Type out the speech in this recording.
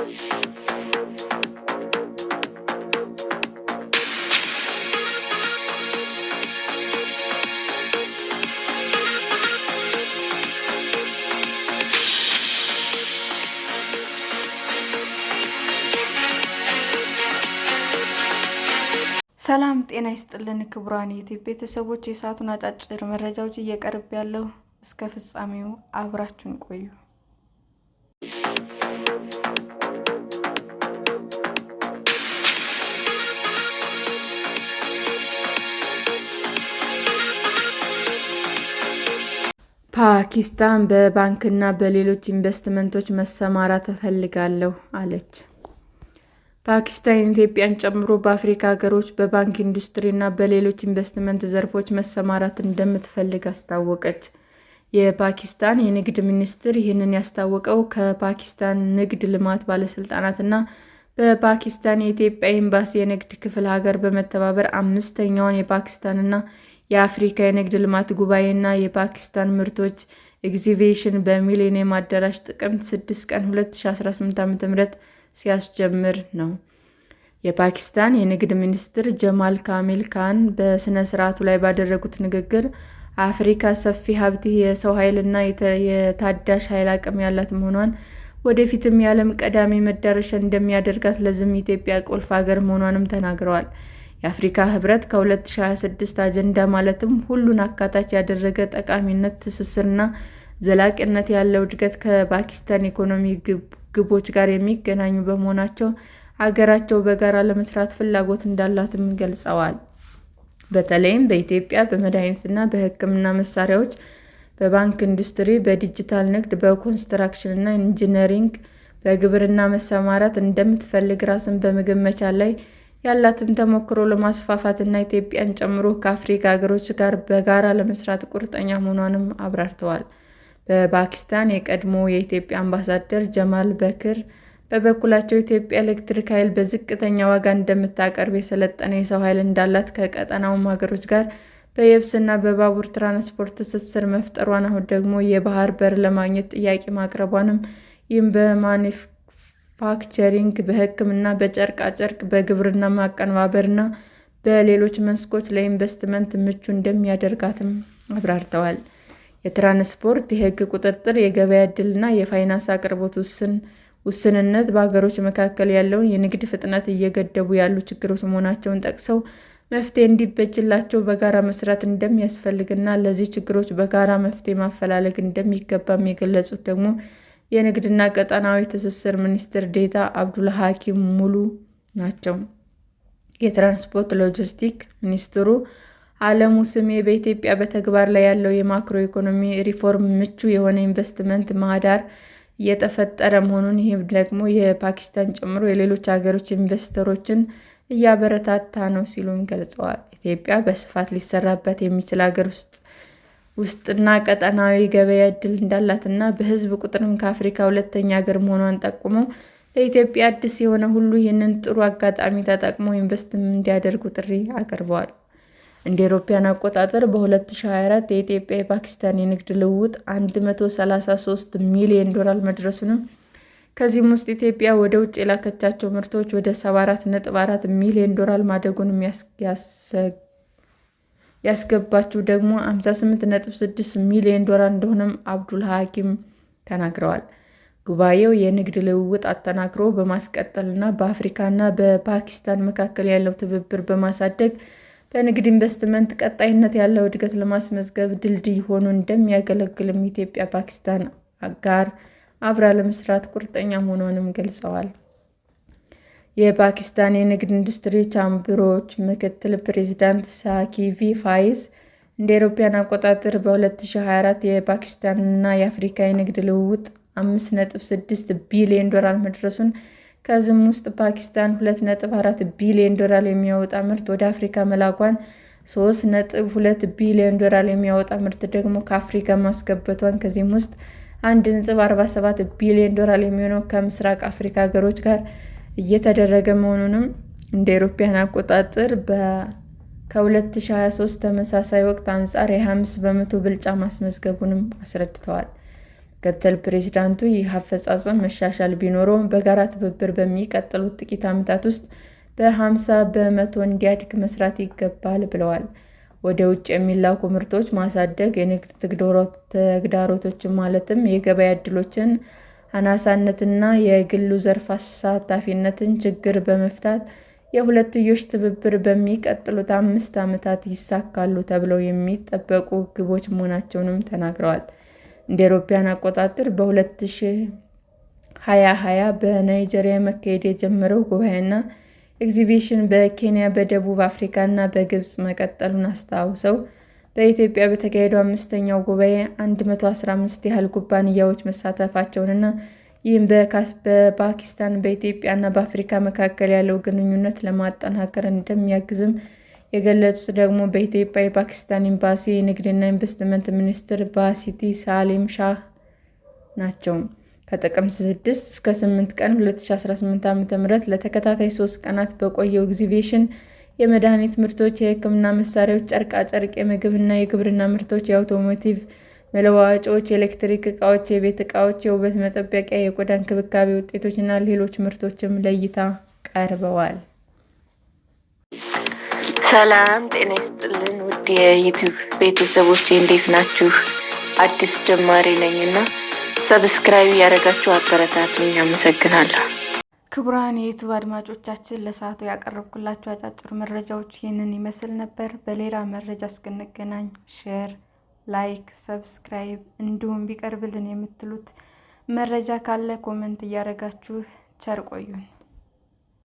ሰላም ጤና ይስጥልን ክቡራን ዩቲዩብ ቤተሰቦች፣ የሰዓቱን አጫጭር መረጃዎች እየቀርብ ያለው እስከ ፍጻሜው አብራችን ቆዩ። ፓኪስታን በባንክና በሌሎች ኢንቨስትመንቶች መሰማራት እፈልጋለሁ አለች። ፓኪስታን ኢትዮጵያን ጨምሮ በአፍሪካ ሀገሮች በባንክ ኢንዱስትሪና በሌሎች ኢንቨስትመንት ዘርፎች መሰማራት እንደምትፈልግ አስታወቀች። የፓኪስታን የንግድ ሚኒስቴር ይህንን ያስታወቀው ከፓኪስታን ንግድ ልማት ባለስልጣናትና በፓኪስታን የኢትዮጵያ ኤምባሲ የንግድ ክፍል ሀገር በመተባበር አምስተኛውን የፓኪስታንና የአፍሪካ የንግድ ልማት ጉባኤ ና የፓኪስታን ምርቶች ኤግዚቢሽን በሚሊኒየም አዳራሽ ጥቅምት 6 ቀን 2018 ዓ.ም ሲያስጀምር ነው። የፓኪስታን የንግድ ሚኒስትር ጀማል ካሚል ካን በሥነ ሥርዓቱ ላይ ባደረጉት ንግግር አፍሪካ ሰፊ ሀብት፣ የሰው ኃይል ና የታዳሽ ኃይል አቅም ያላት መሆኗን ወደፊትም የዓለም ቀዳሚ መዳረሻ እንደሚያደርጋት ለዚህም ኢትዮጵያ ቁልፍ አገር መሆኗንም ተናግረዋል። የአፍሪካ ህብረት ከ2026 አጀንዳ ማለትም ሁሉን አካታች ያደረገ ጠቃሚነት፣ ትስስርና ዘላቂነት ያለው እድገት ከፓኪስታን ኢኮኖሚ ግቦች ጋር የሚገናኙ በመሆናቸው ሀገራቸው በጋራ ለመስራት ፍላጎት እንዳላትም ገልጸዋል። በተለይም በኢትዮጵያ በመድኃኒትና በሕክምና መሳሪያዎች፣ በባንክ ኢንዱስትሪ፣ በዲጂታል ንግድ፣ በኮንስትራክሽንና ኢንጂነሪንግ፣ በግብርና መሰማራት እንደምትፈልግ ራስን በምግብ መቻል ላይ ያላትን ተሞክሮ ለማስፋፋት እና ኢትዮጵያን ጨምሮ ከአፍሪካ ሀገሮች ጋር በጋራ ለመስራት ቁርጠኛ መሆኗንም አብራርተዋል። በፓኪስታን የቀድሞ የኢትዮጵያ አምባሳደር ጀማል በክር በበኩላቸው ኢትዮጵያ ኤሌክትሪክ ኃይል በዝቅተኛ ዋጋ እንደምታቀርብ፣ የሰለጠነ የሰው ኃይል እንዳላት፣ ከቀጠናውም ሀገሮች ጋር በየብስና በባቡር ትራንስፖርት ትስስር መፍጠሯን አሁን ደግሞ የባህር በር ለማግኘት ጥያቄ ማቅረቧንም ይህም ፓክቸሪንግ በሕክምና፣ በጨርቃጨርቅ፣ በግብርና ማቀነባበርና በሌሎች መስኮች ለኢንቨስትመንት ምቹ እንደሚያደርጋትም አብራርተዋል። የትራንስፖርት፣ የሕግ ቁጥጥር፣ የገበያ ዕድልና የፋይናንስ አቅርቦት ውስንነት በሀገሮች መካከል ያለውን የንግድ ፍጥነት እየገደቡ ያሉ ችግሮች መሆናቸውን ጠቅሰው መፍትሄ እንዲበጅላቸው በጋራ መስራት እንደሚያስፈልግና ለዚህ ችግሮች በጋራ መፍትሄ ማፈላለግ እንደሚገባም የገለጹት ደግሞ የንግድና ቀጠናዊ ትስስር ሚኒስትር አብዱል ሀኪም ሙሉ ናቸው። የትራንስፖርት ሎጂስቲክ ሚኒስትሩ አለሙ ስሜ በኢትዮጵያ በተግባር ላይ ያለው የማክሮ ኢኮኖሚ ሪፎርም ምቹ የሆነ ኢንቨስትመንት ምህዳር እየተፈጠረ መሆኑን ይህም ደግሞ የፓኪስታን ጨምሮ የሌሎች ሀገሮች ኢንቨስተሮችን እያበረታታ ነው ሲሉም ገልጸዋል። ኢትዮጵያ በስፋት ሊሰራበት የሚችል ሀገር ውስጥ ውስጥና ቀጠናዊ ገበያ እድል እንዳላትና በህዝብ ቁጥርም ከአፍሪካ ሁለተኛ ሀገር መሆኗን ጠቁመው፣ ለኢትዮጵያ አዲስ የሆነ ሁሉ ይህንን ጥሩ አጋጣሚ ተጠቅመው ኢንቨስት እንዲያደርጉ ጥሪ አቅርበዋል። እንደ አውሮፓውያን አቆጣጠር በ2024 የኢትዮጵያ የፓኪስታን የንግድ ልውውጥ 133 ሚሊዮን ዶላር መድረሱንም ከዚህም ውስጥ ኢትዮጵያ ወደ ውጭ የላከቻቸው ምርቶች ወደ 74.4 ሚሊዮን ዶላር ማደጉንም ያሰግ ያስገባችው ደግሞ 58.6 ሚሊዮን ዶላር እንደሆነም አብዱል ሐኪም ተናግረዋል። ጉባኤው የንግድ ልውውጥ አጠናክሮ በማስቀጠልና በአፍሪካና በፓኪስታን መካከል ያለው ትብብር በማሳደግ በንግድ ኢንቨስትመንት ቀጣይነት ያለው እድገት ለማስመዝገብ ድልድይ ሆኖ እንደሚያገለግልም ኢትዮጵያ ፓኪስታን ጋር አብራ ለመስራት ቁርጠኛ መሆኗንም ገልጸዋል። የፓኪስታን የንግድ ኢንዱስትሪ ቻምብሮች ምክትል ፕሬዚዳንት ሳኪቪ ፋይዝ እንደ አውሮፓውያን አቆጣጠር በ2024 የፓኪስታንና የአፍሪካ የንግድ ልውውጥ 5.6 ቢሊዮን ዶላር መድረሱን ከዚህም ውስጥ ፓኪስታን 2.4 ቢሊዮን ዶላር የሚያወጣ ምርት ወደ አፍሪካ መላኳን፣ 3.2 ቢሊዮን ዶላር የሚያወጣ ምርት ደግሞ ከአፍሪካ ማስገበቷን ከዚህም ውስጥ 1.47 ቢሊዮን ዶላር የሚሆነው ከምስራቅ አፍሪካ ሀገሮች ጋር እየተደረገ መሆኑንም እንደ አውሮፓውያን አቆጣጠር ከ2023 ተመሳሳይ ወቅት አንጻር የ5 በመቶ ብልጫ ማስመዝገቡንም አስረድተዋል። ምክትል ፕሬዚዳንቱ ይህ አፈጻጸም መሻሻል ቢኖረውም በጋራ ትብብር በሚቀጥሉት ጥቂት ዓመታት ውስጥ በ50 በመቶ እንዲያድግ መስራት ይገባል ብለዋል። ወደ ውጭ የሚላኩ ምርቶች ማሳደግ፣ የንግድ ተግዳሮቶችን ማለትም የገበያ ዕድሎችን አናሳነትና የግሉ ዘርፍ አሳታፊነትን ችግር በመፍታት የሁለትዮሽ ትብብር በሚቀጥሉት አምስት ዓመታት ይሳካሉ ተብለው የሚጠበቁ ግቦች መሆናቸውንም ተናግረዋል። እንደ አውሮፓውያን አቆጣጠር በ2020 በናይጄሪያ መካሄድ የጀመረው ጉባኤና ኤግዚቢሽን በኬንያ፣ በደቡብ አፍሪካ እና በግብጽ መቀጠሉን አስታውሰው በኢትዮጵያ በተካሄደው አምስተኛው ጉባኤ 115 ያህል ኩባንያዎች መሳተፋቸውንና ይህም በፓኪስታን በኢትዮጵያና በአፍሪካ መካከል ያለው ግንኙነት ለማጠናከር እንደሚያግዝም የገለጹት ደግሞ በኢትዮጵያ የፓኪስታን ኤምባሲ የንግድና ኢንቨስትመንት ሚኒስትር ባሲቲ ሳሊም ሻህ ናቸው። ከጥቅምት 6 እስከ 8 ቀን 2018 ዓ.ም ለተከታታይ ሶስት ቀናት በቆየው ኤግዚቢሽን የመድኃኒት ምርቶች፣ የሕክምና መሳሪያዎች፣ ጨርቃጨርቅ፣ የምግብና የግብርና ምርቶች፣ የአውቶሞቲቭ መለዋወጫዎች፣ የኤሌክትሪክ እቃዎች፣ የቤት እቃዎች፣ የውበት መጠበቂያ፣ የቆዳ እንክብካቤ ውጤቶች እና ሌሎች ምርቶችም ለእይታ ቀርበዋል። ሰላም ጤና ይስጥልን ውድ የዩቲዩብ ቤተሰቦች እንዴት ናችሁ? አዲስ ጀማሪ ነኝ እና ሰብስክራይብ ያደረጋችሁ አበረታቱኝ። አመሰግናለሁ። ክቡራን የዩቱብ አድማጮቻችን ለሰዓቱ ያቀረብኩላቸው አጫጭር መረጃዎች ይህንን ይመስል ነበር። በሌላ መረጃ እስክንገናኝ ሼር፣ ላይክ፣ ሰብስክራይብ እንዲሁም ቢቀርብልን የምትሉት መረጃ ካለ ኮመንት እያደረጋችሁ ቸር ቆዩን።